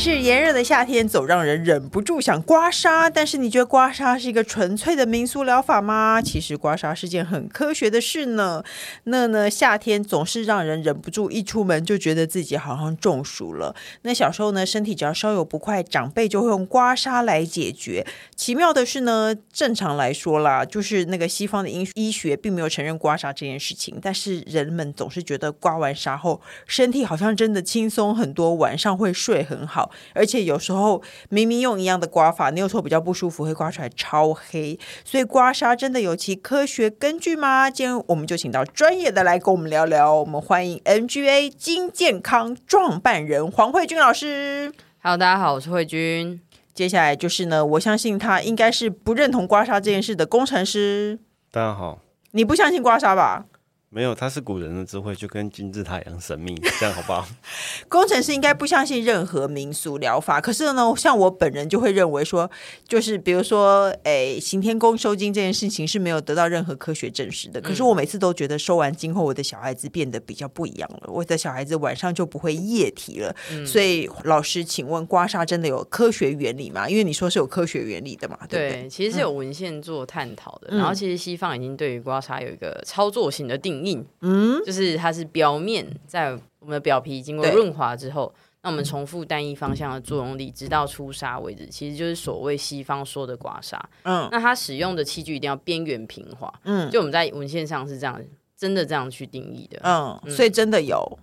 是炎熱的夏天，總讓人忍不住想刮痧。但是，你覺得刮痧是一個純粹的民俗療法嗎？其實，刮痧是件很科學的事呢。那呢，夏天總是讓人忍不住一出門就覺得自己好像中暑了。那小時候呢，身體只要稍有不快，長輩就會用刮痧來解決。奇妙的是呢，正常來說啦，就是那個西方的醫醫學並沒有承認刮痧這件事情。但是，人們總是覺得刮完痧後，身體好像真的輕鬆很多，晚上會睡很好。而且有時候明明用一樣的刮法，你又說比較不舒服，會刮出來超黑。所以刮痧真的有其科學根據嗎？今天我們就請到專業的來跟我們聊聊。我們歡迎 NGA 金健康創辦人黃慧君老師。h o 大家好，我是慧君。接下來就是呢，我相信他應該是不認同刮痧這件事的工程師。大家好，你不相信刮痧吧？沒有，它是古人的智慧，就跟金字塔一樣神秘，這樣好不好？ 工程師應該不相信任何民俗療法，可是呢，像我本人就會認為說，就是比如說，誒，行天宮收驚這件事情是沒有得到任何科學證實的。可是我每次都覺得收完驚後，我的小孩子變得比較不一樣了，我的小孩子晚上就不會夜啼了。嗯、所以，老師，請問刮痧真的有科學原理嗎？因為你說是有科學原理的嘛？對，不對，對，其實是有文獻做探討的，嗯、然後其實西方已經對於刮痧有一個操作型的定義。硬，嗯，就是它是表面在我們的表皮經過潤滑之後，對那我們重複單一方向的作用力，直到出痧為止，其實就是所謂西方說的刮痧，嗯，那它使用的器具一定要邊緣平滑，嗯，就我們在文獻上是這樣，真的這樣去定義的，嗯，嗯所以真的有，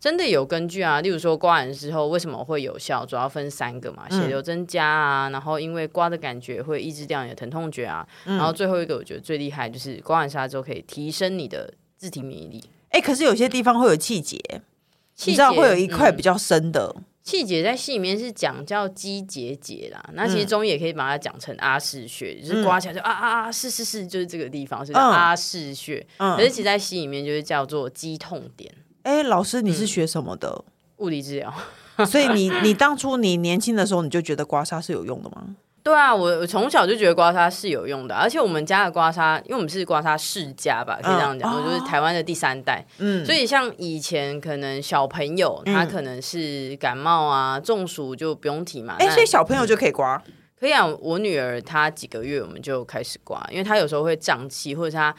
真的有根據啊。例如說刮完之後為什麼會有效，主要分三個嘛，血流增加啊，嗯、然後因為刮的感覺會抑制掉你的疼痛覺啊，嗯、然後最後一個我覺得最厲害就是刮完痧之後可以提升你的。自體免疫力，哎，可是有些地方會有氣結，氣結你知道會有一塊比較深的，嗯、氣結在西醫裡面是講叫肌結節，節啦。嗯、那其實中醫也可以把它講成阿是穴，嗯、就是刮起來就啊啊啊，啊，是是是，就是這個地方是叫阿是穴。嗯、可是其實在西醫裡面就是叫做肌痛點。哎、嗯，老師，你是學什麼的？嗯、物理治療。 所以你你當初你年輕的時候你就覺得刮痧是有用的嗎？對啊，我我從小就覺得刮痧是有用的，而且我們家的刮痧，因為我們是刮痧世家吧，可以這樣講，嗯、我就是台灣的第三代，嗯，所以像以前可能小朋友他可能是感冒啊、中暑就不用提嘛，哎、嗯那，所以小朋友就可以刮？嗯，可以啊，我女兒她幾個月我們就開始刮，因為她有時候會脹氣，或者是她。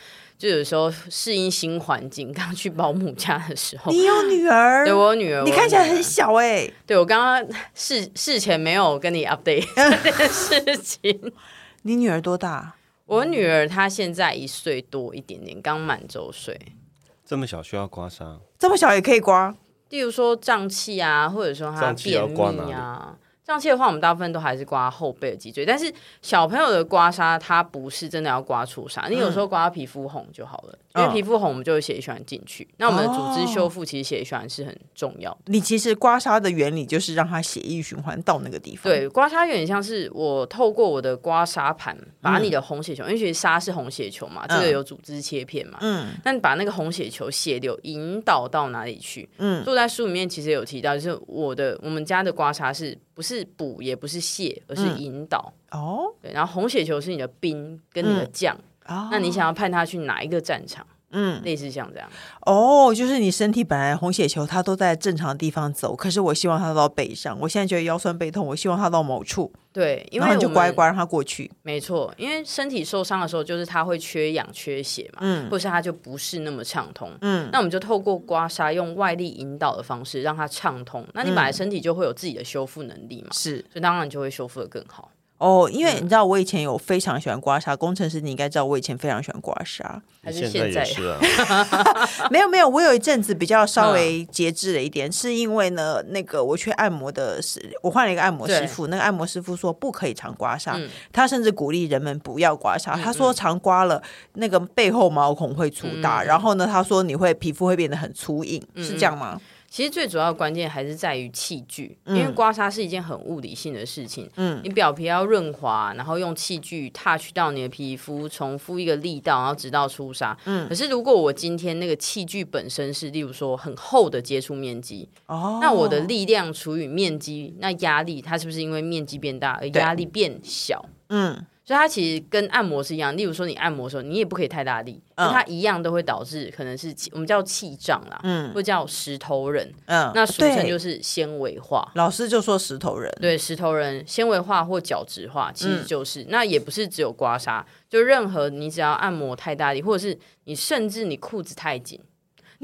就有時候適應新環境，剛去保姆家的時候。你有女兒？對，我女兒。你看起來很小哎、欸。對，我剛剛事事前沒有跟你 update 這件事情。 你女兒多大？我女兒她現在一歲多一點點，剛滿週歲。這麼小需要刮痧？這麼小也可以刮，例如說脹氣啊，或者說她便秘啊。這樣期的話，我們大部分都還是刮後背的脊椎，但是小朋友的刮痧，它不是真的要刮出痧，你有時候刮皮膚紅就好了，嗯、因為皮膚紅，我們就會血液循環進去。哦、那我們的組織修復其實血液循環是很重要。你其實刮痧的原理就是讓它血液循環到那個地方。對，刮痧有點像是我透過我的刮痧盤把你的紅血球，因為其實痧是紅血球嘛，這個有組織切片嘛，嗯，那、嗯、你把那個紅血球血流引導到哪裡去？嗯，所以在書裡面其實有提到，就是我的我們家的刮痧是。不是補，也不是瀉，而是引導。哦、嗯，對，然後紅血球是你的兵跟你的將，嗯哦、那你想要派他去哪一個戰場？嗯，類似像這樣哦，oh, 就是你身體本來紅血球它都在正常的地方走，可是我希望它到背上，我現在覺得腰酸背痛，我希望它到某處。對，因為然後你就乖乖讓它過去。沒錯，因為身體受傷的時候，就是它會缺氧、缺血嘛，嗯、或者是它就不是那麼暢通。嗯，那我們就透過刮痧，用外力引導的方式讓它暢通。嗯、那你本來身體就會有自己的修復能力嘛，是，所以當然就會修復得更好。哦，oh, 因為你知道，我以前有非常喜歡刮痧。嗯、工程師，你應該知道，我以前非常喜歡刮痧。還是現在也是、啊、 沒有沒有，我有一陣子比較稍微節制了一點，嗯、是因為呢，那個我去按摩的是我換了一個按摩師傅。對那個按摩師傅說不可以常刮痧，嗯、他甚至鼓勵人們不要刮痧。嗯嗯，他說常刮了，那個背後毛孔會粗大，嗯嗯，然後呢，他說你會皮膚會變得很粗硬，嗯嗯，是這樣嗎？其實最主要的關鍵還是在於器具，因為刮痧是一件很物理性的事情。嗯，你表皮要潤滑，然後用器具 touch 到你的皮膚，重複一個力道，然後直到出痧。嗯，可是如果我今天那個器具本身是，例如說很厚的接觸面積，哦，那我的力量除以面積，那壓力它是不是因為面積變大而壓力變小？嗯。所以它其實跟按摩是一樣，例如說你按摩的時候，你也不可以太大力，嗯、因為它一樣都會導致可能是我們叫氣脹啦，嗯，或叫石頭人，嗯、那俗稱就是纖維化。老師就說石頭人，對，石頭人纖維化或角質化，其實就是、嗯、那也不是只有刮痧，就任何你只要按摩太大力，或者是你甚至你褲子太緊。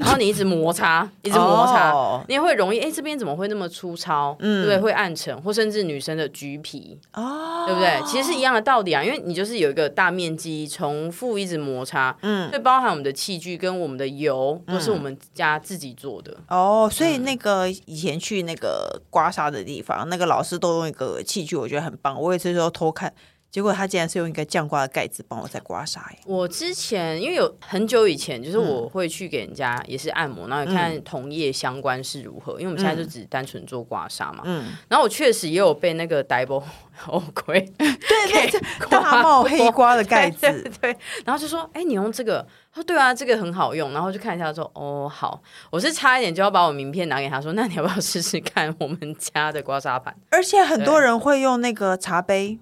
然後你一直摩擦，一直摩擦，oh, 你也會容易哎、欸，這邊怎麼會那麼粗糙？嗯、對，對，會暗沉，或甚至女生的橘皮，oh, 對不對？其實是一樣的道理啊，因為你就是有一個大面積重複一直摩擦，嗯，所以包含我們的器具跟我們的油、嗯、都是我們家自己做的哦。Oh, 嗯、所以那個以前去那個刮痧的地方，那個老師都用一個器具，我覺得很棒。我也是說偷看，結果他竟然是用一個醬瓜的蓋子幫我在刮痧耶。我之前因為有很久以前，就是我會去給人家也是按摩，嗯、然後你看同業相關是如何。嗯、因為我們現在就只單純做刮痧嘛。嗯。然後我確實也有被那個 double ok，、哦、對，對對，刮帽黑瓜的蓋子。對，對，對，對。然後就說：“哎，你用這個？”說：“對啊，這個很好用。”然後就看一下，說：“哦，好。”我是差一點就要把我名片拿給他說：“那你要不要試試看我們家的刮痧板？”而且很多人會用那個茶杯。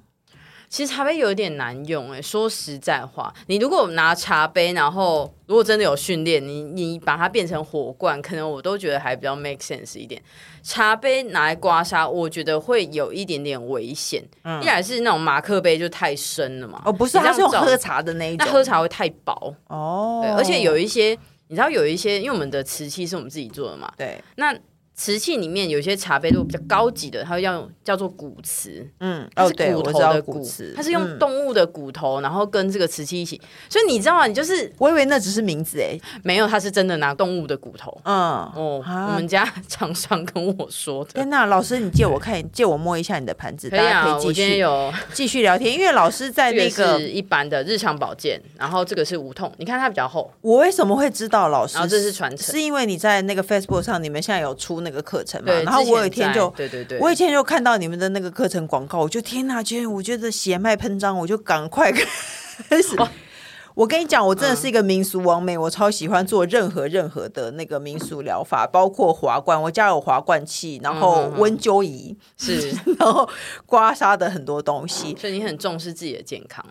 其實茶杯有一點難用誒、欸，說實在話，你如果拿茶杯，然後如果真的有訓練，你你把它變成火罐，可能我都覺得還比較 make sense 一點。茶杯拿來刮痧，我覺得會有一點點危險。嗯、一來是那種馬克杯就太深了嘛。哦，不是，它是用喝茶的那一種，那喝茶會太薄。哦，而且有一些，你知道，有一些，因為我們的瓷器是我們自己做的嘛。對，那。瓷器裡面有些茶杯都比較高級的，它要用叫做骨瓷，嗯，哦，對，我知道骨瓷，它是骨頭的骨瓷，它是用動物的骨頭，然後跟這個瓷器一起。所以你知道嗎？你就是我以為那只是名字哎，沒有，它是真的拿動物的骨頭。嗯，哦，我們家廠商跟我說，天吶，老師你借我看，借我摸一下你的盤子，大家可以繼續繼續聊天，因為老師在那個一般的日常保健，然後這個是無痛，你看它比較厚。我為什麼會知道老師？這是傳承，是因為你在那個 Facebook 上，你們現在有出那那個課程嘛，對然後我有一天就，對對對，我以前就看到你們的那個課程廣告，我就天哪，今天我覺得血脈噴張，我就趕快開始。什麼？哇。我跟你講，我真的是一個民俗網美，嗯、我超喜歡做任何任何的那個民俗療法，包括華冠，我家有華冠器，然後溫灸儀、嗯、哼 是，然後刮痧的很多東西、嗯，所以你很重視自己的健康？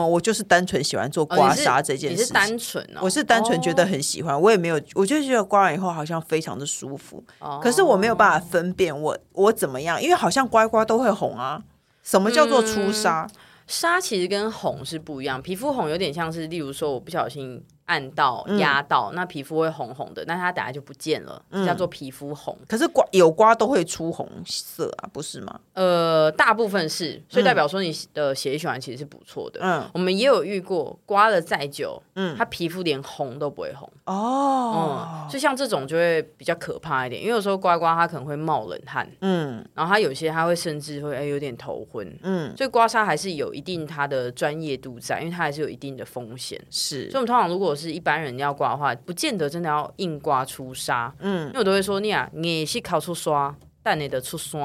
我就是單純喜歡做刮痧這件事情。哦你，你是單純？哦，我是單純覺得很喜歡，哦、我也沒有，我就覺得刮完以後好像非常的舒服，哦、可是我沒有辦法分辨我我怎麼樣，因為好像刮刮都會紅啊，什麼叫做出痧？痧、嗯、其實跟紅是不一樣，皮膚紅有點像是，例如說我不小心。按到壓到，嗯、那皮膚會紅紅的，那它等下就不見了，叫、嗯、做皮膚紅。可是刮有刮都會出紅色啊，不是嗎？呃，大部分是，所以代表說你的血液循環其實是不錯的。嗯，我們也有遇過，刮了再久，嗯，它皮膚連紅都不會紅。哦，嗯，所以像這種就會比較可怕一點，因為有時候刮刮它可能會冒冷汗，嗯，然後它有些它會甚至會哎有點頭昏，嗯，所以刮痧還是有一定它的專業度在，因為它還是有一定的風險。是，所以我們通常如果。不是一般人要刮的話，不見得真的要硬刮出痧，嗯，因為我都會說你啊，你是靠出痧，但你的出痧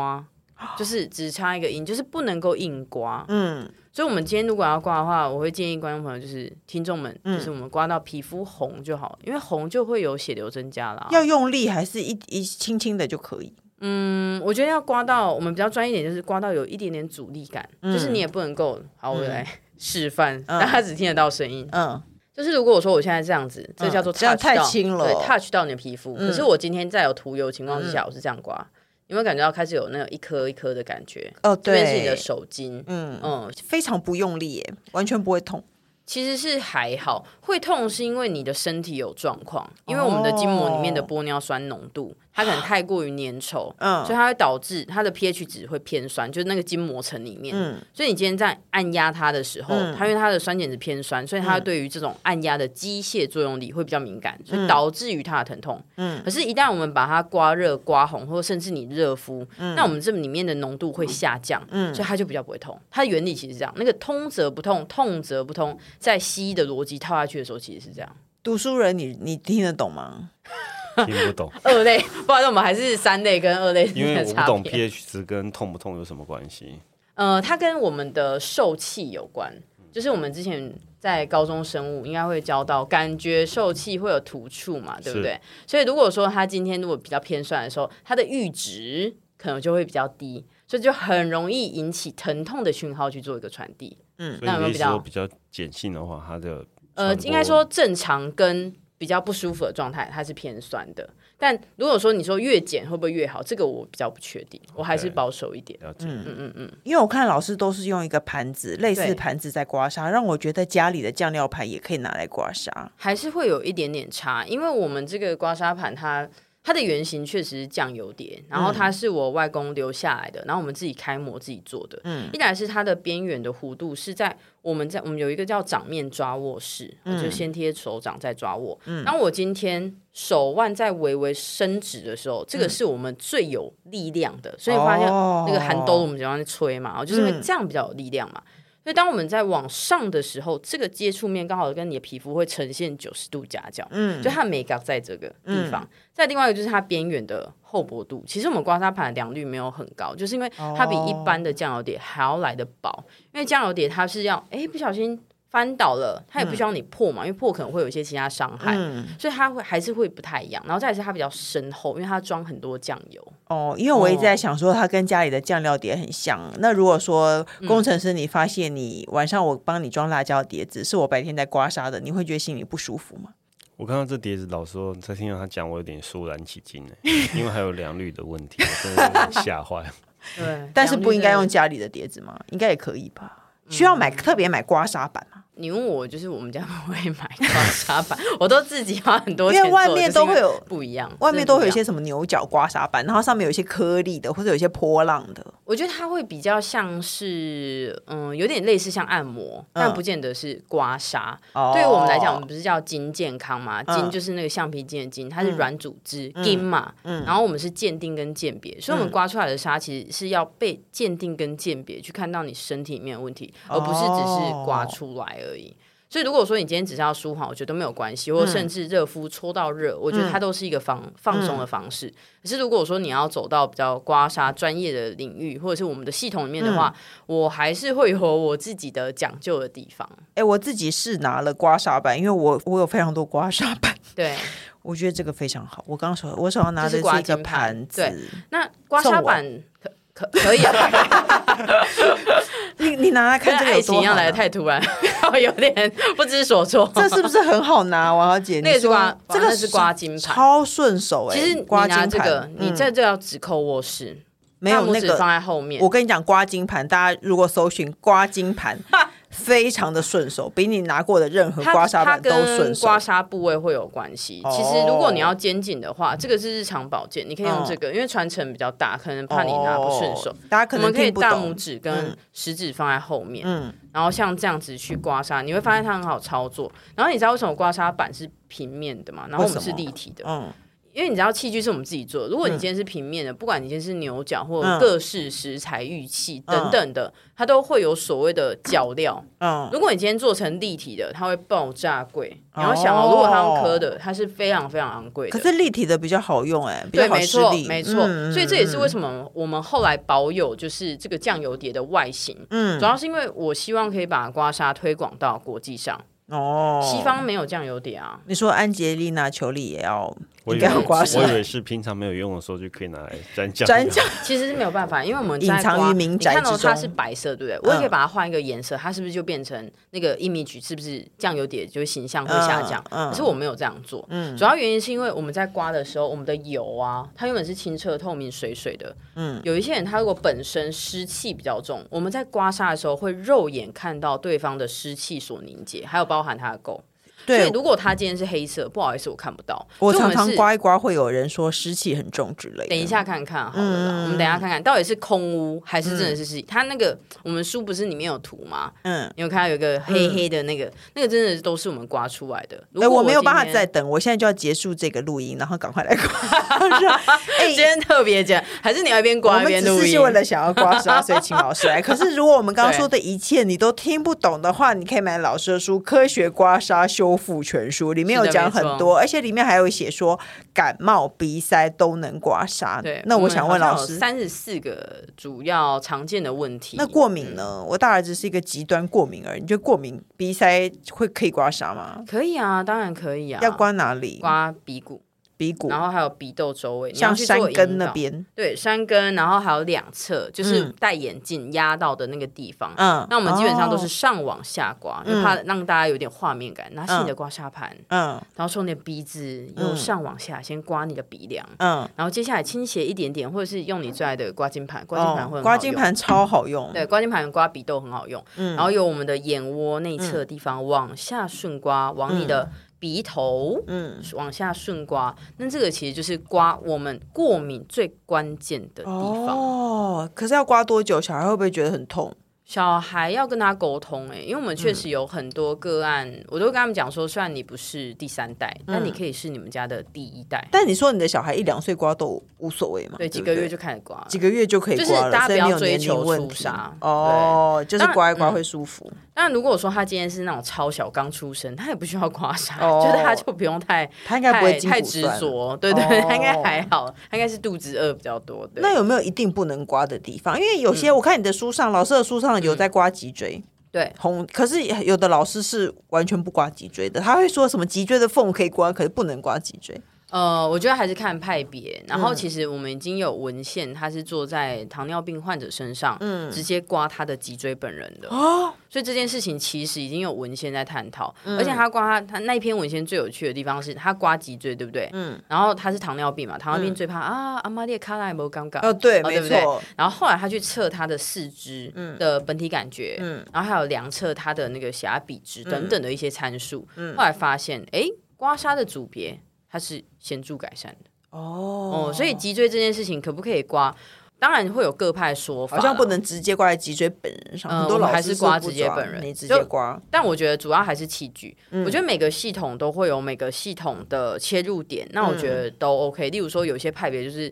呵就是只差一個音，就是不能夠硬刮，嗯。所以，我們今天如果要刮的話，我會建議觀眾朋友，就是聽眾們，就是我們刮到皮膚紅就好，嗯、因為紅就會有血流增加了。要用力還是一一輕輕的就可以？嗯，我覺得要刮到我們比較專業一點，就是刮到有一點點阻力感，嗯、就是你也不能夠。好，我來、嗯、示範，大家、嗯、只聽得到聲音，嗯。嗯就是如果我說我現在這樣子，嗯、這叫做 touch 到，這樣對、嗯、touch 到你的皮膚。嗯、可是我今天在有塗油的情況之下，我是這樣刮，嗯、有沒有感覺到開始有那有一顆一顆的感覺？哦、嗯，這邊是你的手筋，嗯嗯，嗯非常不用力耶，完全不會痛。其實是還好，會痛是因為你的身體有狀況，因為我們的筋膜裡面的玻尿酸濃度。哦它可能太過於粘稠，Oh. 所以它會導致它的 pH 值會偏酸，就是那個筋膜層裡面，嗯、所以你今天在按壓它的時候，它、嗯、因為它的酸鹼值偏酸，所以它對於這種按壓的機械作用力會比較敏感，所以導致於它的疼痛，嗯、可是，一旦我們把它刮熱、刮紅，或者甚至你熱敷，嗯、那我們這裡面的濃度會下降，嗯、所以它就比較不會痛。它的原理其實是這樣，那個通則不痛，痛則不通，在西醫的邏輯套下去的時候，其實是這樣。讀書人你，你你聽得懂嗎？ 聽不懂 二類，不然我們還是三類跟二類,類，因為我不懂 pH 值跟痛不痛有什麼關係？呃，它跟我們的受器有關，就是我們之前在高中生物應該會教到，感覺受器會有突觸嘛，對不對？所以如果說他今天如果比較偏酸的時候，他的閾值可能就會比較低，所以就很容易引起疼痛的訊號去做一個傳遞。嗯，那我們比較比較鹼性的話，它的呃，應該說正常跟。比較不舒服的狀態，它是偏酸的。但如果說你說越減會不會越好，這個我比較不確定，okay, 我還是保守一點。解嗯嗯嗯，因為我看老師都是用一個盤子，類似盤子在刮痧，對讓我覺得家裡的醬料盤也可以拿來刮痧，還是會有一點點差，因為我們這個刮痧盤它。它的原型確實是醬油碟，然後它是我外公留下來的，嗯、然後我們自己開模自己做的。嗯，一來是它的邊緣的弧度是在我們在我們有一個叫掌面抓握式，嗯、我就先貼手掌再抓握。嗯，當我今天手腕在微微伸直的時候，嗯、這個是我們最有力量的，所以發現那個寒兜我們就要去吹嘛，哦，就是因為這樣比較有力量嘛。所以當我們在往上的時候，這個接觸面剛好跟你的皮膚會呈現九十度夾角，嗯，就它沒角在這個地方。嗯、再另外一個就是它邊緣的厚薄度，其實我們刮痧盤的良率沒有很高，就是因為它比一般的醬油碟還要來得薄，哦、因為醬油碟它是要，哎、欸，不小心。翻倒了，它也不需要你破嘛，嗯、因為破可能會有一些其他傷害，嗯、所以它會還是會不太一樣。然後，再是它比較深厚，因為它裝很多醬油。哦，因為我一直在想說，它跟家裡的醬料碟很像。嗯、那如果說工程師，你發現你晚上我幫你裝辣椒碟子，是我白天在刮痧的，你會覺得心裡不舒服嗎？我看到這碟子，老實說，在聽到他講，我有點肅然起敬呢、欸。 因為還有良率的問題，我真的嚇壞了。 對， 但是不應該用家裡的碟子嗎？應該也可以吧。需要買特別買刮痧板嗎？你問我，就是我們家不會買刮痧板， 我都自己花很多錢。因為外面都會有不一樣，外面都會有一些什麼牛角刮痧板，然後上面有一些顆粒的，或者有一些波浪的。我覺得它會比較像是，嗯，有點類似像按摩，嗯、但不見得是刮痧。嗯、對於我們來講，我們不是叫筋健康嘛？筋就是那個橡皮筋的筋，它是軟組織、嗯、筋嘛。嗯、然後我們是鑑定跟鑑別，所以我們刮出來的痧其實是要被鑑定跟鑑別，去看到你身體裡面的問題，而不是只是刮出來了。嗯嗯所以如果說你今天只是要舒緩，我覺得都沒有關係，嗯、或者甚至熱敷搓到熱，嗯、我覺得它都是一個放、嗯、放鬆的方式。可是如果說你要走到比較刮痧專、專業的領域，或者是我們的系統裡面的話，嗯、我還是會有我自己的講究的地方。哎、欸，我自己是拿了刮痧板，因為我我有非常多刮痧板。對， 我覺得這個非常好。我剛剛說，我手上拿着是一個盤子，刮盤，對，那刮痧板。我可，可以、啊， 你你拿來看這個，愛情要來得太突然，我 有點不知所措。這是不是很好拿，王小姐？小姐那個是刮，這個是刮筋盤，超順手、欸。哎，其實、這個、刮筋盤，你在這要只扣臥室，沒有大拇指放在後面、那個。我跟你講，刮筋盤，大家如果搜尋刮筋盤。 非常的順手，比你拿過的任何刮痧板都順手。跟刮痧部位會有關係，哦、其實如果你要肩頸的話，這個是日常保健，嗯、你可以用這個，因為傳承比較大，可能怕你拿不順手。我、哦、們可以大拇指跟食指放在後面，嗯、然後像這樣子去刮痧，你會發現它很好操作。嗯、然後你知道為什麼刮痧板是平面的嘛，然後我們是立體的，因為你知道器具是我們自己做的，如果你今天是平面的，嗯、不管你今天是牛角或者各式石材、玉器等等的，嗯嗯、它都會有所謂的角料。嗯，如果你今天做成立體的，它會爆炸貴。你要想哦，如果它用刻的，它是非常非常昂貴。可是立體的比較好用、欸，誒，對，沒錯，沒錯。嗯、所以這也是為什麼我們後來保有就是這個醬油碟的外形。嗯，主要是因為我希望可以把刮痧推廣到國際上。哦，西方沒有醬油碟啊？你說安潔莉娜·裘莉也要？我以，我以為是平常沒有用的時候就可以拿來沾醬。其實是沒有辦法，因為我們隱藏於民宅之中，它是白色，對不對？我也可以把它換一個顏色，嗯、它是不是就變成那個 image 是不是醬油碟，就是形象會下降？可、嗯嗯、是我沒有這樣做。嗯、主要原因是因為我們在刮的時候，我們的油啊，它原本是清澈透明水水的。嗯、有一些人他如果本身濕氣比較重，我們在刮痧的時候會肉眼看到對方的濕氣所凝結，還有包含他的垢。對，對，如果它今天是黑色，不好意思，我看不到。我常常刮一刮，會有人說濕氣很重之類的。嗯、等一下看看，好了，嗯、我們等一下看看到底是空污還是真的是濕氣。它、嗯、那個我們書不是裡面有圖嗎？嗯，你有，有看到有個黑黑的那個，嗯、那個真的都是我們刮出來的。哎、呃，我沒有辦法再等，我現在就要結束這個錄音，然後趕快來刮。真的。特別講，還是你要邊刮邊、嗯、我們只是為了想要刮痧，所以請老師來。 可是如果我們剛剛說的一切你都聽不懂的話， 對你可以買老師的書《科學刮痧修復全書》，裡面有講很多，而且裡面還有寫說感冒、鼻塞都能刮痧。對，那我想問老師，三十四個主要常見的問題，那過敏呢？嗯、我大兒子是一個極端過敏兒，你覺得過敏、鼻塞會可以刮痧嗎？可以啊，當然可以啊。要刮哪裡？刮鼻骨。鼻骨，然後還有鼻竇周圍，像山根那邊，對山根，然後還有兩側，就是戴眼鏡壓到的那個地方。嗯，那我們基本上都是上往下刮，就怕讓大家有點畫面感。拿你的刮痧盤，嗯，然後從你的鼻子由上往下先刮你的鼻梁，嗯，然後接下來傾斜一點點，或者是用你最愛的刮金盤，刮金盤會刮金盤超好用，對，刮金盤刮鼻竇很好用，然後有我們的眼窩內側的地方往下順刮，往你的。鼻頭，嗯，往下順刮，嗯、那這個其實就是刮我們過敏最關鍵的地方。哦，可是要刮多久？小孩會不會覺得很痛？小孩要跟他溝通誒，因為我們確實有很多個案，我都跟他們講說，雖然你不是第三代，但你可以是你們家的第一代。但你說你的小孩一兩歲刮都無所謂嘛？對，幾個月就開始刮，幾個月就可以刮了，就是大家不要追求出痧哦，就是刮一刮會舒服。那如果說他今天是那種超小剛出生，他也不需要刮痧，就是他就不用太，他應該不會太執着，對對，他應該還好，他應該是肚子餓比較多。那有沒有一定不能刮的地方？因為有些我看你的書上，老師的書上。有在刮脊椎，嗯、對，紅。可是有的老師是完全不刮脊椎的，他會說什麼脊椎的縫可以刮，可是不能刮脊椎。呃，我覺得還是看派別。然後，其實我們已經有文獻，他是做在糖尿病患者身上，嗯、直接刮他的脊椎本人的、哦、所以這件事情其實已經有文獻在探討，嗯、而且他刮他，他那一篇文獻最有趣的地方是他刮脊椎，對不對？嗯、然後他是糖尿病嘛，糖尿病最怕、嗯、啊，阿媽列卡賴沒有感覺哦，對，沒錯。然後後來他去測他的四肢的本體感覺，嗯、然後還有量測他的那個踝臂比值等等的一些參數，嗯嗯、後來發現，哎，刮痧的組別。它是顯著改善的。oh. 哦，所以脊椎這件事情可不可以刮？當然會有各派說法，好像不能直接刮在脊椎本人上，嗯、很多老師、嗯、我們還是刮自己本人，沒直接刮。但我覺得主要還是器具。嗯、我覺得每個系統都會有每個系統的切入點，那我覺得都 OK。嗯、例如說，有些派別就是。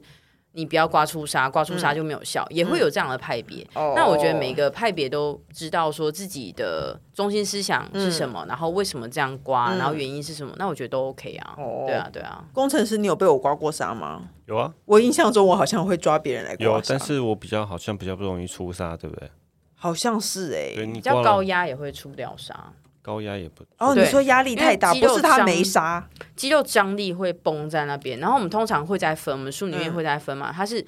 你不要刮出痧，刮出痧就沒有效，嗯、也會有這樣的派別。嗯、那我覺得每個派別都知道說自己的中心思想是什麼，嗯、然後為什麼這樣刮，嗯、然後原因是什麼，那我覺得都 OK 啊。哦、對，啊對啊，對啊。工程師，你有被我刮過痧嗎？有啊，我印象中我好像會抓別人來刮有，但是我比較好像比較不容易出痧，對不對？好像是哎、欸，對，比較高壓也會出不掉痧。高壓也不哦，你說壓力太大，不是它沒痧，肌肉張力會繃在那邊，然後我們通常會在分，我們書裡面會在分嘛，它是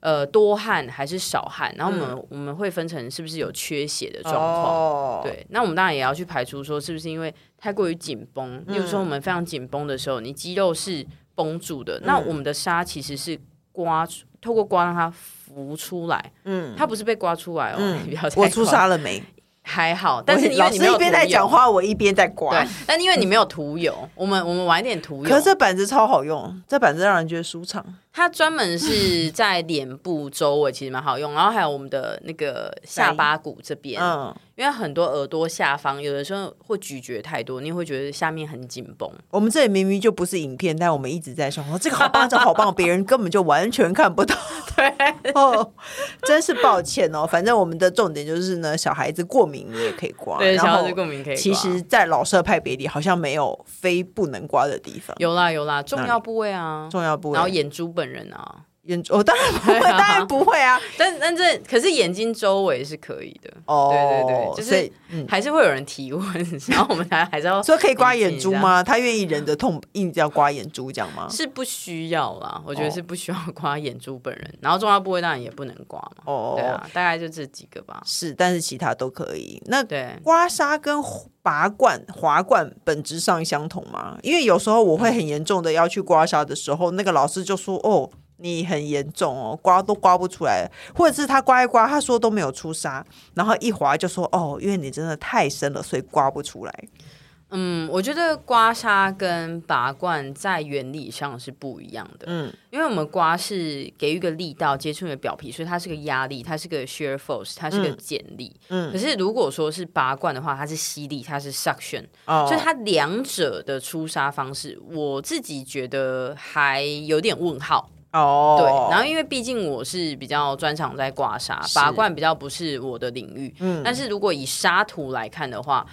呃多汗還是少汗。然後我們我們會分成是不是有缺血的狀況。對，那我們當然也要去排除說是不是因為太過於緊繃。比如說我們非常緊繃的時候，你肌肉是繃住的，那我們的痧其實是刮，透過刮讓它浮出來。嗯，它不是被刮出來哦。嗯，我出痧了沒？還好，但是你因為你有老師一邊在講話，我一邊在刮。但因為你沒有塗油， 我們我們晚一點塗油。可是這板子超好用，這板子讓人覺得舒暢。它專門是在臉部周圍，其實蠻好用。 然後還有我們的那個下巴骨這邊，嗯、因為很多耳朵下方，有的時候會咀嚼太多，你會覺得下面很緊繃。我們這裡明明就不是影片，但我們一直在說這個好棒，這個好棒，別 人根本就完全看不到。對，哦，真是抱歉哦。反正我們的重點就是呢，小孩子過敏你也可以刮，對，然後小孩子過敏可以。其實在老色派別裡，好像沒有非不能刮的地方。有啦有啦，重要部位啊，重要部位、啊，然後眼珠本本人呢、啊？眼我、哦、當然不會，啊、當然不會啊！但但可是眼睛周圍是可以的哦。對對對，就是、嗯、還是會有人提問，然後我們才還是說可以刮眼珠嗎？他願意忍着痛硬、啊、要刮眼珠這樣嗎？是不需要啦，我覺得是不需要刮眼珠本人。哦、然後重要部位當然也不能刮嘛。哦，對啊，大概就這幾個吧。是，但是其他都可以。那對刮痧跟拔罐、滑罐本質上相同嗎？因為有時候我會很嚴重的要去刮痧的時候，那個老師就說哦。你很嚴重哦，刮都刮不出來，或者是他刮一刮，他說都沒有出痧，然後一滑就說哦，因為你真的太深了，所以刮不出來。嗯，我覺得刮痧跟拔罐在原理上是不一樣的。嗯，因為我們刮是給予一個力道接觸你的表皮，所以它是個壓力，它是個 shear force，它是個剪力。嗯，可是如果說是拔罐的話，它是吸力，它是 suction。哦，就它兩者的出痧方式，我自己覺得還有點問號。哦，oh, 對，然後因為畢竟我是比較專長在刮痧，是拔罐比較不是我的領域。嗯，但是如果以痧圖來看的話，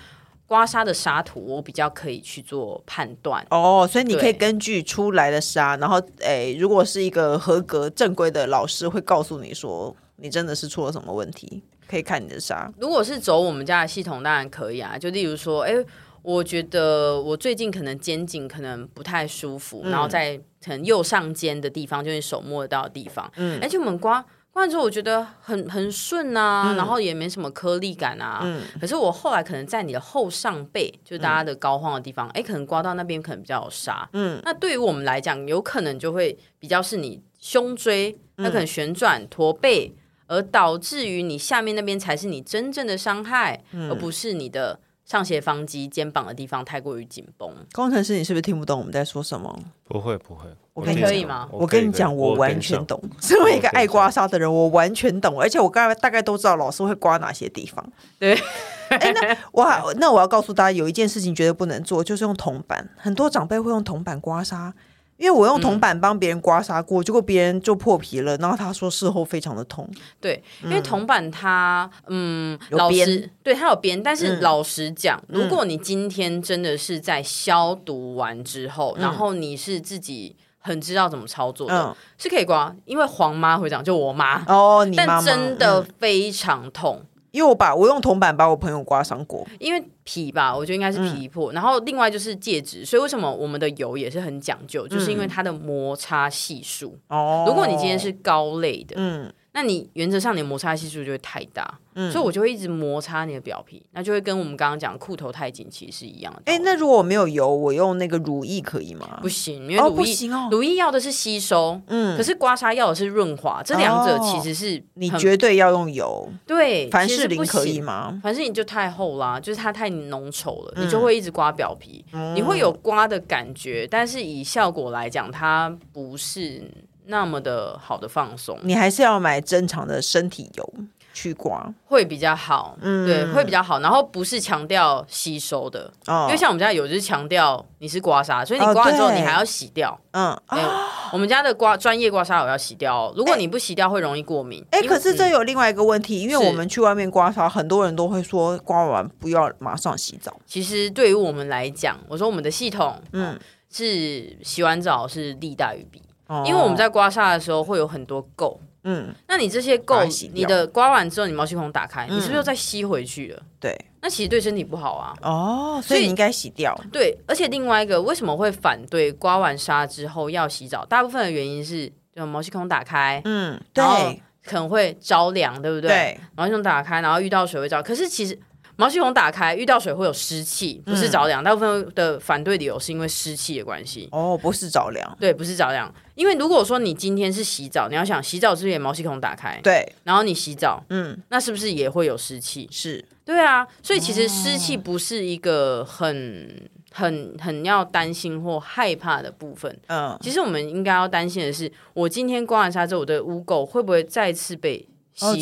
刮痧的痧圖我比較可以去做判斷。哦，oh, 所以你可以根據出來的痧，對然後誒、哎，如果是一個合格正規的老師會告訴你說，你真的是出了什麼問題，可以看你的痧。如果是走我們家的系統，當然可以啊。就例如說，誒、哎。我覺得我最近可能肩頸可能不太舒服，嗯、然後在可能右上肩的地方，就是你手摸得到的地方，而且、嗯欸、我們刮刮完之後，我覺得很很順啊，嗯、然後也沒什麼顆粒感啊，嗯、可是我後來可能在你的後上背，就是大家的膏肓的地方，哎、嗯欸，可能刮到那邊可能比較有痧，嗯，那對於我們來講，有可能就會比較是你胸椎，嗯、那可能旋轉駝背，而導致於你下面那邊才是你真正的傷害，嗯、而不是你的。上斜方肌肩膀的地方太過於緊繃。工程師，你是不是聽不懂我們在說什麼？不會不會，我可以嗎？我跟你講，我完全懂。我身為一個愛刮痧的人，我，我，我完全懂，而且我剛才大概都知道老師會刮哪些地方。對， 欸、那我那我要告訴大家，有一件事情絕對不能做，就是用銅板。很多長輩會用銅板刮痧。因為我用銅板幫別人刮痧過，嗯、結果別人就破皮了，然後他說事後非常的痛。對，嗯、因為銅板它嗯有邊，對，它有邊。但是老實講，嗯、如果你今天真的是在消毒完之後，嗯、然後你是自己很知道怎麼操作的，嗯、是可以刮。因為黃媽會講，就我媽哦，你媽媽，但真的非常痛。嗯因為我把我用銅板把我朋友刮傷過，因為皮吧，我覺得應該是皮破。嗯、然後另外就是戒指，所以為什麼我們的油也是很講究，嗯、就是因為它的摩擦係數。哦、如果你今天是膏類的，嗯。那你原則上，你的摩擦係數就會太大，嗯、所以我就會一直摩擦你的表皮，那就會跟我們剛剛講的褲頭太緊其實是一樣的、欸。那如果我沒有油，我用那個乳液可以嗎？不行，因為乳液、哦、不行哦、乳液要的是吸收，嗯、可是刮痧要的是潤滑，這兩者其實是你絕對要用油。對，凡士林可以嗎？是凡士林就太厚啦，就是它太濃稠了，嗯、你就會一直刮表皮，嗯、你會有刮的感覺，但是以效果來講，它不是那麼的好的放鬆，你還是要買正常的身體油去刮，會比較好。嗯，對，會比較好。然後不是強調吸收的，哦、因為像我們家有就是強調你是刮痧，所以你刮完之後你還要洗掉。哦、對嗯，我們家的刮專業刮痧我要洗掉、哦、如果你不洗掉會容易過敏。哎，為哎，可是這有另外一個問題，因為我們去外面刮痧，是很多人都會說刮完不要馬上洗澡。其實對於我們來講，我說我們的系統，呃、嗯，是洗完澡是利大於弊。因為我們在刮痧的時候會有很多垢，嗯，那你這些垢，你的刮完之後你毛細孔打開，嗯，你是不是又再吸回去了？對，那其實對身體不好啊。哦，所以你應該洗掉。對，而且另外一個為什麼會反對刮完痧之後要洗澡？大部分的原因是就毛細孔打開，嗯，對，然後可能會着涼，對不對？毛細孔打開，然後遇到水會着。可是其實。毛細孔打開，遇到水會有濕氣，不是着涼。嗯、大部分的反對理由是因為濕氣的關係。哦，不是着涼，對，不是着涼。因為如果說你今天是洗澡，你要想洗澡之前毛細孔打開，對，然後你洗澡，嗯，那是不是也會有濕氣？是，對啊。所以其實濕氣不是一個很、嗯、很、很要擔心或害怕的部分。嗯，其實我們應該要擔心的是，我今天刮完痧之後，我的污垢會不會再次被……手、哦、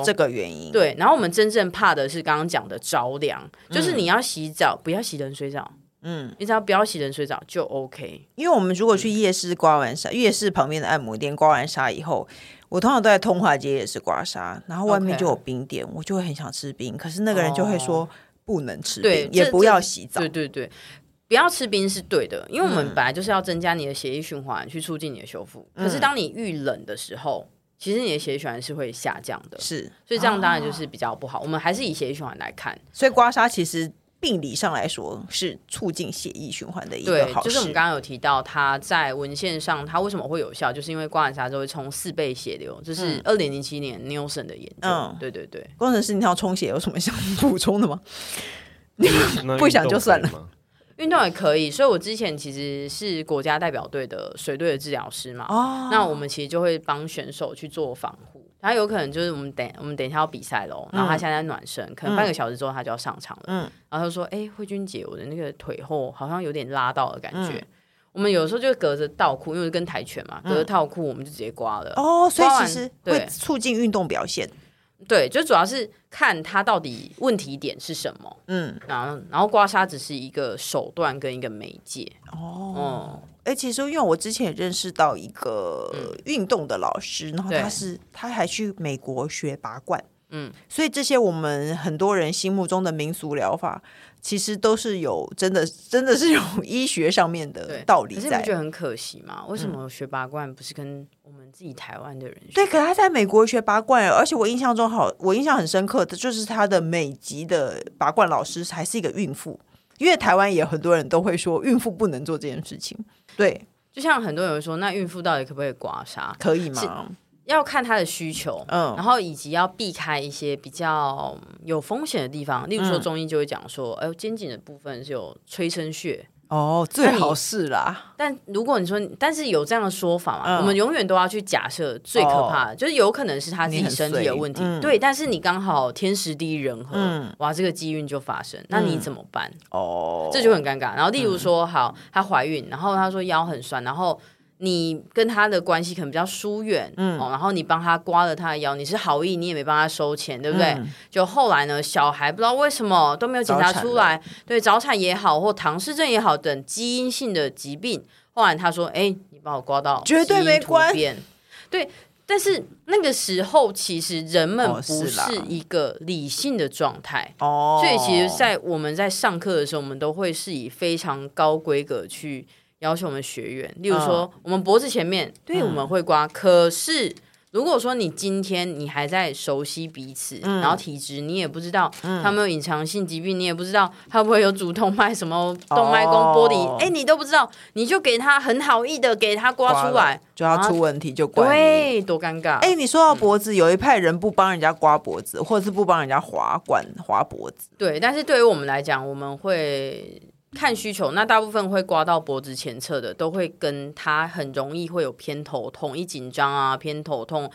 是這個原因對，然後我們真正怕的是剛剛講的着涼，嗯、就是你要洗澡，不要洗冷水澡。嗯，你只要不要洗冷水澡就 OK，因為我們如果去夜市刮完痧，嗯、夜市旁邊的按摩店刮完痧以後，我通常都在通化街也是刮痧，然後外面 Okay 就有冰店，我就很想吃冰，可是那個人就會說不能吃冰。哦，對，也不要洗澡這這，對對對，不要吃冰是對的，因為我們本來就是要增加你的血液循環去促進你的修復，嗯、可是當你遇冷的時候。其實你的血液循環是會下降的，是，所以這樣當然就是比較不好。哦、我們還是以血液循環來看，所以刮痧其實病理上來說是促進血液循環的一個好事。對，就是我們剛剛有提到，它在文獻上它為什麼會有效，就是因為刮完痧之後會衝四倍血流，這是二零零七年 Nielsen 的研究。嗯，對對對，工程師，你要充血有什麼想補充的嗎？ 你嗎 不想就算了。運動也可以，所以我之前其實是國家代表隊的水隊的治療師嘛。Oh. 那我們其實就會幫選手去做防護。他有可能就是我們等，我們等一下要比賽咯。然後他現在，在暖身，嗯、可能半個小時之後他就要上場了。嗯、然後他說：“哎、欸，卉君姐，我的那個腿後好像有點拉到的感覺。嗯”我們有時候就隔着道褲，因為是跟跆拳嘛，隔着道褲我們就直接刮了。哦、嗯，oh, 完所以其實會促進運動表現。對，就主要是看他到底問題點是什麼，嗯，然後然後刮痧只是一個手段跟一個媒介，哦，嗯欸、其實因為我之前也認識到一個運動的老師，嗯、然後他是對他還去美國學拔罐，嗯，所以這些我們很多人心目中的民俗療法。其實都是有真的，真的是有醫學上面的道理在。可是你不覺得很可惜嗎？為什麼學拔罐，不是跟我們自己台灣的人學？嗯？對，可他在美國學拔罐，而且我印象中好，我印象很深刻的，就是他的美籍的拔罐老師還是一個孕婦，因為台灣也很多人都會說孕婦不能做這件事情。對，就像很多人說，那孕婦到底可不可以刮痧？可以嗎？要看他的需求，嗯，然後以及要避開一些比較有風險的地方，例如說中醫就會講說，哎，肩頸的部分是有催生穴哦，最好是啦。但如果你說，但是有這樣的說法嘛，我們永遠都要去假設最可怕的，就是有可能是他自己身體有問題，對。但是你剛好天時地利人和，哇，這個機運就發生，那你怎麼辦？哦，這就很尷尬。然後例如說，好，她懷孕，然後她說腰很痠，然後。你跟他的關係可能比較疏遠，嗯，然後你幫他刮了他的腰，你是好意，你也沒幫他收錢，對不對？嗯、就後來呢，小孩不知道為什麼都沒有檢查出來，早對早產也好，或唐氏症也好等基因性的疾病，後來他說：“哎，你幫我刮到，絕對沒關。”對，但是那個時候其實人們不是一個理性的狀態，哦，所以其實在我們在上課的時候，哦、我們都會是以非常高規格去。要求我們學員，例如說我們脖子前面，對我們會刮。嗯、可是如果說你今天你還在熟悉彼此，嗯、然後體質你也不知道，他沒有隱藏性疾病，嗯、你也不知道他會不會有主動脈什麼動脈宮玻璃，哎、哦，欸、你都不知道，你就給他很好意的給他刮出來，就要出問題就刮。你、啊，多尷尬。哎，欸、你說到脖子，嗯、有一派人不幫人家刮脖子，或者是不幫人家滑管滑脖子。對，但是對於我們來講，我們會。看需求，那大部分會刮到脖子前側的，都會跟他很容易會有偏頭痛，一緊張啊，偏頭痛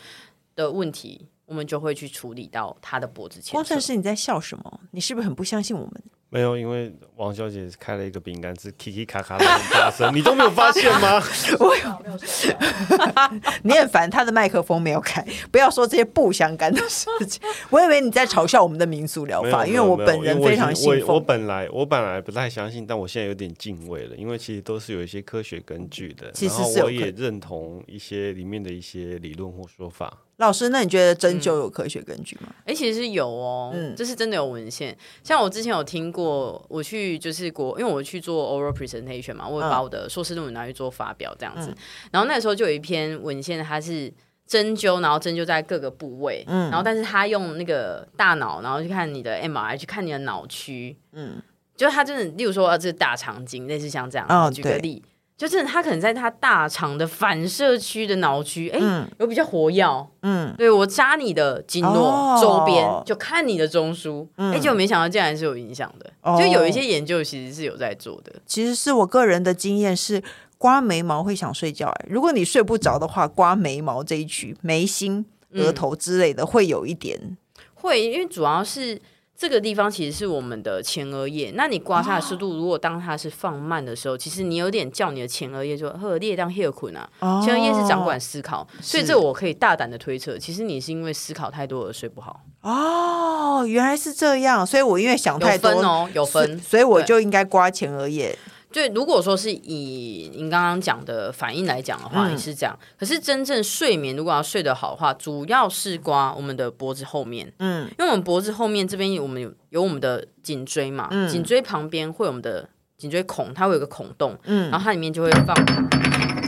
的問題，我們就會去處理到他的脖子前側。光算師，你在笑什麼？你是不是很不相信我們？沒有，因為王小姐開了一個餅乾，是奇奇卡卡的笑聲 你都沒有發現嗎？我有沒有。 你很煩，她的麥克風沒有開，不要說這些不相干的事情。 我以為你在嘲笑我們的民俗療法， 因為我本人非常信奉我，我，我本來我本來不太相信，但我現在有點敬畏了，因為其實都是有一些科學根據的。其實是。我也認同一些裡面的一些理論或說法。老師，那你覺得針灸有科學根據嗎？哎、嗯欸，其實是有哦，嗯，這是真的有文獻。嗯、像我之前有聽過，我去就是國，因為我去做 oral presentation 嘛，我會把我的碩士論文拿去做發表這樣子。嗯、然後那時候就有一篇文獻，它是針灸，然後針灸在各個部位，嗯，然後但是它用那個大腦，然後去看你的 MRI，去看你的腦區，嗯，就是它真的，例如說這、啊就是、大腸經，類似像這樣，哦、舉個例。就是他可能在他大腸的反射區的腦區，哎、欸，嗯、有比較活躍。嗯，對，我扎你的經絡周邊，哦、就看你的中樞。哎、嗯，就、欸、沒想到竟然是有影響的。就有一些研究其實是有在做的。哦、其實是我個人的經驗是，刮眉毛會想睡覺、欸。哎，如果你睡不着的話，刮眉毛這一區、眉心、額頭之類的，會有一點、嗯。會，因為主要是。這個地方其實是我們的前額葉，那你刮它的速度如果當它是放慢的時候，哦、其實你有點叫你的前額葉說：“哦、呵，力量很苦呢。”前額葉是掌管思考，哦、所以這我可以大膽的推測，其實你是因為思考太多而睡不好。哦，原來是這樣，所以我因為想太多，有分哦，有分，所以我就應該刮前額葉。對，如果說是以您剛剛講的反應來講的話，也是這樣。可是真正睡眠如果要睡得好的話，主要是刮我們的脖子後面。嗯，因為我們脖子後面這邊有我們有我們的頸椎嘛，頸椎旁邊會有我們的頸椎孔，它會有個孔洞。然後它裡面就會放。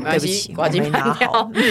對不起，刮筋沒拿好，沒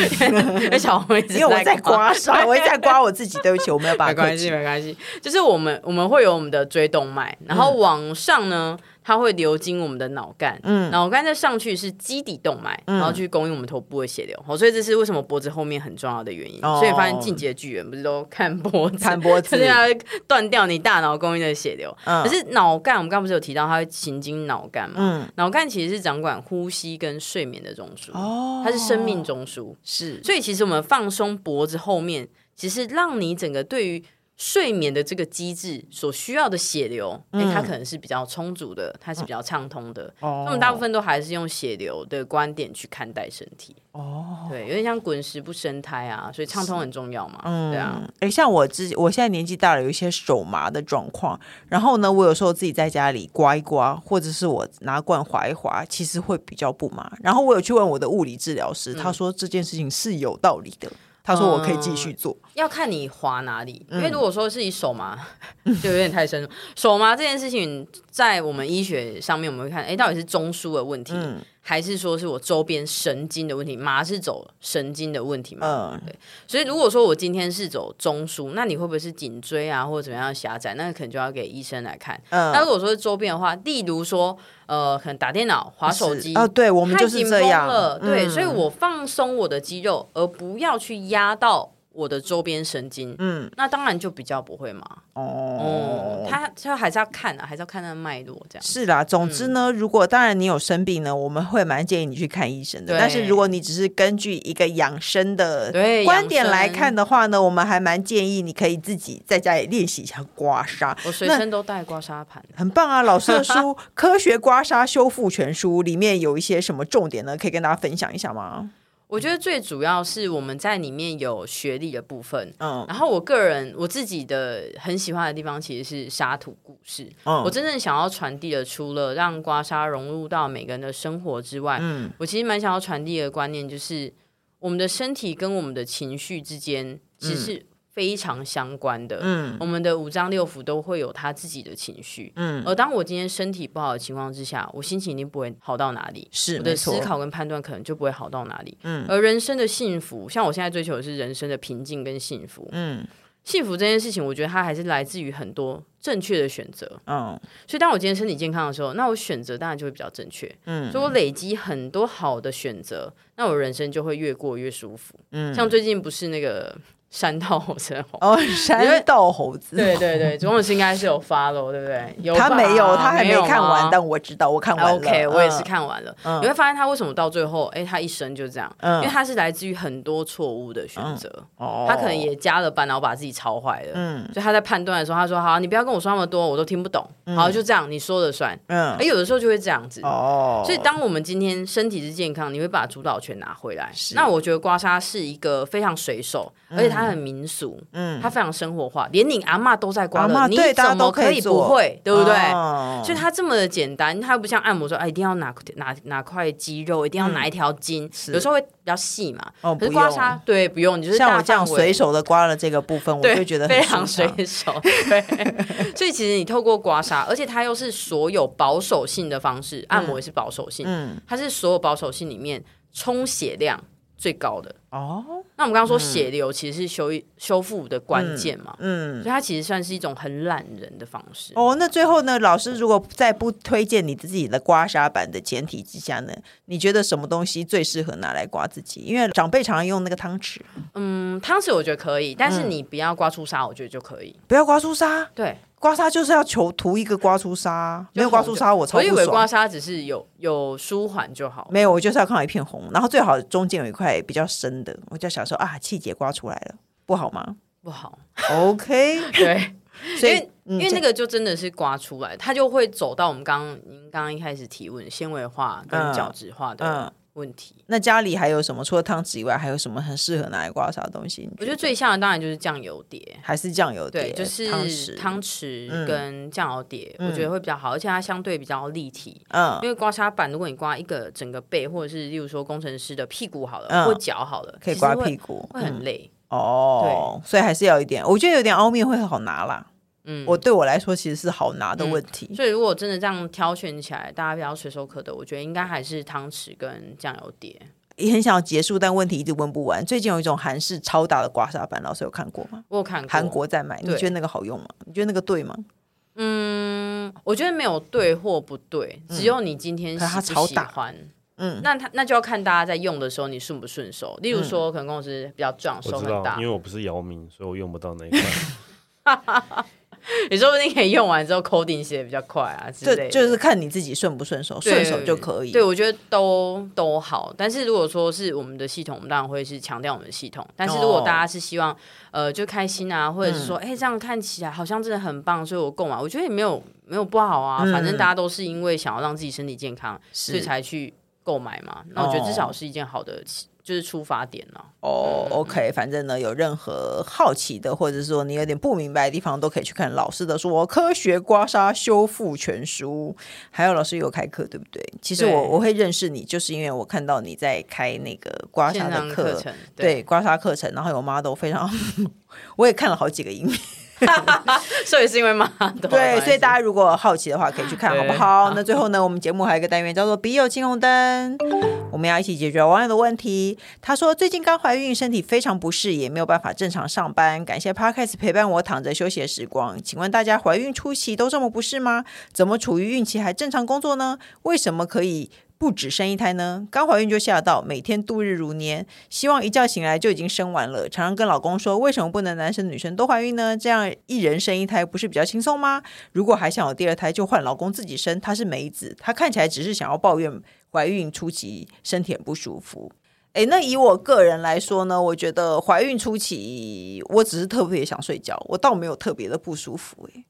拿好，因為我在刮痧，我在刮我自己。對不起，我沒有把關係沒關係，就是我們我們會有我們的椎動脈，然後往上呢。它會流經我們的腦幹，嗯，腦幹再上去是基底動脈，然後去供應我們頭部的血流，好，所以這是為什麼脖子後面很重要的原因。所以發現進擊的巨人不是都看脖子，看脖子，它斷掉你大腦供應的血流。可是腦幹，我們剛不是有提到它會行經腦幹嘛？腦幹其實是掌管呼吸跟睡眠的中樞，哦，它是生命中樞，是。所以其實我們放鬆脖子後面，其實讓你整個對於。睡眠的這個機制所需要的血流，嗯、欸，它可能是比較充足的，它是比較暢通的。嗯、哦、那麼大部分都還是用血流的觀點去看待身體。哦，對，有點像滾石不生苔啊，所以暢通很重要嘛。嗯，對啊、欸。像我自己，我現在年紀大了，有一些手麻的狀況。然後呢，我有時候自己在家裡刮一刮，或者是我拿罐劃一劃，其實會比較不麻。然後我有去問我的物理治療師，嗯、他說這件事情是有道理的。嗯、他說我可以繼續做。要看你滑哪裡，因為如果說是你手麻，嗯、就有點太深。 手麻這件事情，在我們醫學上面，我們會看，哎、欸，到底是中樞的問題，嗯、還是說是我周邊神經的問題？麻是走神經的問題嘛？呃、對。所以如果說我今天是走中樞，那你會不會是頸椎啊，或者怎麼樣狹窄？那可能就要給醫生來看。那、呃、如果說是周邊的話，例如說，呃，可能打電腦、滑手機啊，對我們就是這樣了。嗯、對，所以我放鬆我的肌肉，而不要去壓到。我的周邊神經，嗯，那當然就比較不會嘛。哦，嗯、他他還是要看啊，還是要看那脈絡這樣。是啦，總之呢，嗯、如果當然你有生病呢，我們會蠻建議你去看醫生的。對但是如果你只是根據一個養生的觀點來看的話呢，我們還蠻建議你可以自己在家裡練習一下刮痧。我隨身都帶刮痧盤，很棒啊！老師的書《 科學刮痧修復全書》裡面有一些什麼重點呢？可以跟大家分享一下嗎？我覺得最主要是我們在裡面有學歷的部分，oh. 然後我個人我自己的很喜歡的地方其實是沙土故事，oh. 我真正想要傳遞的，除了讓刮痧融入到每個人的生活之外，嗯，我其實蠻想要傳遞的觀念就是我們的身體跟我們的情緒之間其實。非常相關的，嗯，我們的五臟六腑都會有他自己的情緒，嗯，而當我今天身體不好的情況之下，我心情一定不會好到哪裡，是，我的思考跟判斷可能就不會好到哪裡，嗯，而人生的幸福，像我現在追求的是人生的平靜跟幸福，嗯，幸福這件事情，我覺得它還是來自於很多正確的選擇，嗯、哦，所以當我今天身體健康的時候，那我選擇當然就會比較正確，嗯，所以我累積很多好的選擇，那我人生就會越過越舒服，嗯，像最近不是那個。山道猴子哦，山道猴子對對對，總永是應該是有 follow，對不對？他沒有，他還沒看完，但我知道我看完。OK，我也是看完了。你會發現他為什麼到最後，哎，他一生就這樣，因為他是來自於很多錯誤的選擇。哦，他可能也加了班，然後把自己操壞了。嗯，所以他在判斷的時候，他說：“好，你不要跟我說那麼多，我都聽不懂。”好，就這樣，你說了算。嗯，哎，有的時候就會這樣子。哦，所以當我們今天身體是健康，你會把主導權拿回來。是。那我覺得刮痧是一個非常隨手，而且他。它很民俗，它非常生活化，連你阿嬤都在刮了，你怎麼可以不會？對不對？所以它這麼的簡單，它又不像按摩說，一定要拿哪哪塊肌肉，一定要拿一條筋，有時候會比較細嘛。哦，不用刮痧，對，不用，你就是像我這樣隨手的刮了這個部分，我會覺得非常隨手。所以其實你透過刮痧，而且它又是所有保守性的方式，按摩也是保守性，它是所有保守性裡面充血量。最高的哦。那我們剛剛說血流其實是修、嗯、修復的關鍵嘛。嗯，嗯，所以它其實算是一種很懶人的方式哦。那最後呢，老師如果在不推薦你自己的刮痧板的前提之下呢，你覺得什麼東西最適合拿來刮自己？因為長輩常用那個湯匙，嗯，湯匙我覺得可以，但是你不要刮出痧，我覺得就可以，嗯、不要刮出痧，對。刮痧就是要求塗一個刮出痧。沒有刮出痧我超我以為刮痧只是有有舒緩就好。沒有，我就是要看到一片紅，然後最好中間有一塊比較深的，我就想說啊，氣結刮出來了，不好嗎？不好。OK， 對，所以因為、嗯、因為那個就真的是刮出來，它就會走到我們剛您剛剛一開始提問纖維化跟角質化的。嗯嗯問題，那家裡還有什麼？除了湯匙以外，還有什麼很適合拿來刮痧的東西？我覺得我最像的當然就是醬油碟，還是醬油碟，對，就是湯匙，湯匙跟醬油碟，我覺得會比較好，嗯、而且它相對比較立體。嗯，因為刮痧板，如果你刮一個整個背，或者是例如說工程師的屁股好了，嗯、或腳好了，可以刮屁股，會很累。嗯、哦，對，所以還是要有一點，我覺得有點凹面會好拿啦。嗯，我對我來說其實是好拿的問題、嗯。所以如果真的這樣挑選起來，大家比較隨手可得，我覺得應該還是湯匙跟醬油碟。也很想要結束，但問題一直問不完。最近有一種韓式超大的刮痧板，老師有看過嗎？我有看過，韓國在賣。你覺得那個好用嗎？對你覺得那個對嗎？嗯，我覺得沒有對或不對，只有你今天他、嗯、超大，嗯，那他那就要看大家在用的時候你順不順手。例如說，可能公司比較壯，手、嗯、很大，因為我不是姚明，所以我用不到那一塊。 也說不定可以用完之後，coding 寫得比較快啊之類的。對,對，就是看你自己順不順手，對順手就可以。對，我覺得都都好。但是如果說是我們的系統，當然會是強調我們的系統。但是如果大家是希望、哦、呃就開心啊，或者是說哎、嗯欸、這樣看起來好像真的很棒，所以我購買。我覺得也沒有沒有不好啊，嗯、反正大家都是因為想要讓自己身體健康，嗯、所以才去購買嘛。那是我覺得至少是一件好的。哦就是出發點、啊、哦、嗯、，OK，反正呢，嗯、有任何好奇的，嗯、或者說你有點不明白的地方，都可以去看老師的說《說科學刮痧修復全書》，還有老師有開課，對不對？其實我對我會認識你，就是因為我看到你在開那個刮痧的課程，對，對刮痧課程，然後我媽都非常對。 我也看了好幾個音頻， 所以是因為嗎？對，所以大家如果好奇的話，可以去看好不好？ 那最後呢，我們節目還有一個單元叫做“筆友青紅燈”， 我們要一起解決網友的問題。他說最近剛懷孕，身體非常不適，也沒有辦法正常上班。感謝 Podcast 陪伴我躺着休息的時光。請問大家懷孕初期都這麼不適嗎？怎麼處於孕期還正常工作呢？為什麼可以？不止生一胎呢，剛懷孕就嚇到，每天度日如年，希望一覺醒來就已經生完了。常常跟老公說，為什麼不能男生女生都懷孕呢？這樣一人生一胎不是比較輕鬆嗎？如果還想有第二胎，就換老公自己生。她是梅子，她看起來只是想要抱怨懷孕初期身體很不舒服。誒，那以我個人來說呢，我覺得懷孕初期我只是特別想睡覺，我倒沒有特別的不舒服。誒……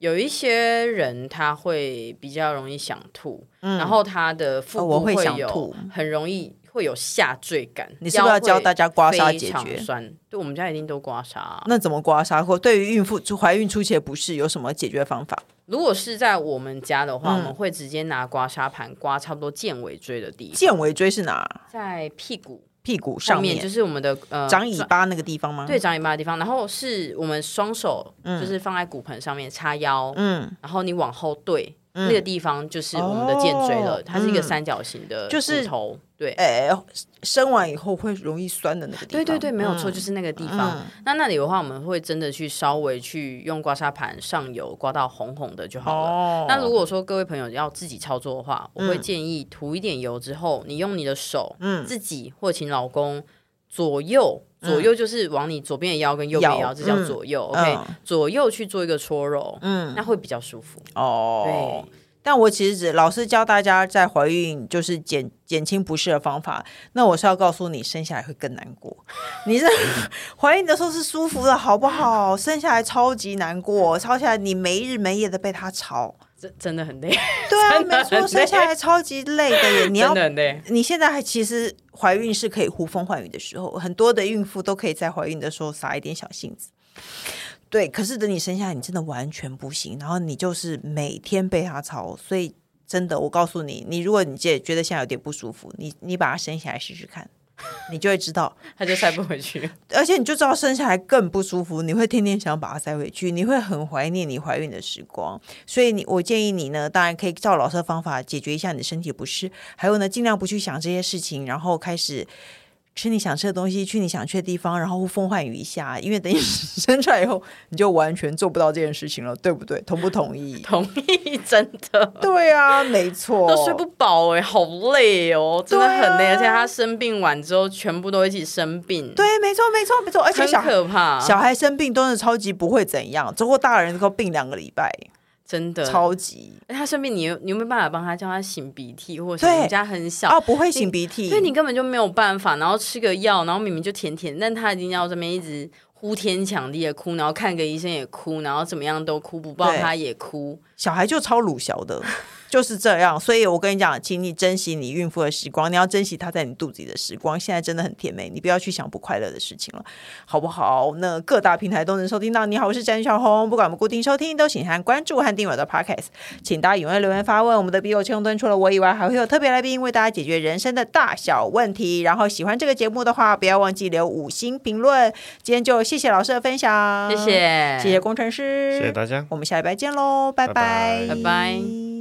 有一些人他會比較容易想吐，嗯、然後他的腹部會有很容易會有下墜感。你是不是要教大家刮痧解決？對，我們家一定都刮痧。那怎麼刮痧？或對於孕婦懷孕初期的不適，有什麼解決方法？如果是在我們家的話，嗯、我們會直接拿刮痧盤刮差不多劍尾椎的地方。劍尾椎是哪？在屁股。屁股上面，後面就是我們的呃，長尾巴那個地方嗎？對，長尾巴的地方。然後是我們雙手就是放在骨盆上面，叉腰，嗯，然後你往後。對。嗯、那個地方就是我們的肩椎了，哦、它是一個三角形的骨頭，嗯就是、對，哎、生伸完以後會容易酸的那個地方，對對對，沒有錯，嗯、就是那個地方。嗯、那那裡的話，我們會真的去稍微去用刮痧盤上油，刮到紅紅的就好了。哦、那如果說各位朋友要自己操作的話，我會建議塗一點油之後，嗯、你用你的手，嗯，自己或請老公。左右，左右就是往你左邊的腰跟右邊腰，腰這叫左右。OK，左右去做一個搓揉，嗯，那會比較舒服哦。對但我其實只老師教大家在懷孕就是減減輕不適的方法，那我是要告訴你，生下來會更難過。你是 懷孕的時候是舒服的，好不好？生下來超級難過，吵起來你沒日沒夜的被他吵。真真的很累，對啊，沒錯，生下來超級累的耶。的累你要你現在還其實懷孕是可以呼風喚雨的時候，很多的孕婦都可以在懷孕的時候撒一點小性子。對，可是等你生下來，你真的完全不行，然後你就是每天被他操，所以真的，我告訴你，你如果你覺覺得現在有點不舒服，你你把它生下來試試看。 你就會知道，它就塞不回去，而且你就知道生下來更不舒服。你會天天想把它塞回去，你會很懷念你懷孕的時光。所以你，我建議你呢，當然可以照老師的方法解決一下你的身體不適，還有呢，盡量不去想這些事情，然後開始。吃你想吃的東西，去你想去的地方，然後呼風喚雨一下，因為等你生出來以後，你就完全做不到這件事情了，對不對？同不同意？同意，真的。對啊，沒錯，都睡不飽哎、欸，好累哦，啊、真的很累。而且他生病完之後，全部都一起生病。對，沒錯，沒錯，沒錯。而且小很可怕，小孩生病都是超級不會怎樣，中國大人都病兩個禮拜。真的超級，欸、他生病你你有沒有辦法幫他叫他擤鼻涕或？或者是對，人家很小哦，不會擤鼻涕，所以你根本就沒有辦法。然後吃個藥，然後明明就甜甜，但他已經要這邊一直呼天搶地的哭，然後看個醫生也哭，然後怎麼樣都哭，不抱他也哭，小孩就超魯小的。 就是這樣，所以我跟你講，請你珍惜你孕婦的時光，你要珍惜她在你肚子裡的時光。現在真的很甜美，你不要去想不快樂的事情了，好不好？那各大平台都能收聽到。你好，我是宅女小紅，不管我們固定收聽，都請按關注和訂閱的 podcast。請大家踴躍留言發問。我們的筆友簽空端除了我以外，還會有特別來賓為大家解決人生的大小問題。然後喜歡這個節目的話，不要忘記留五星評論。今天就謝謝老師的分享，謝謝，謝謝工程師，謝謝大家，我們下禮拜見嘍，拜拜，拜拜。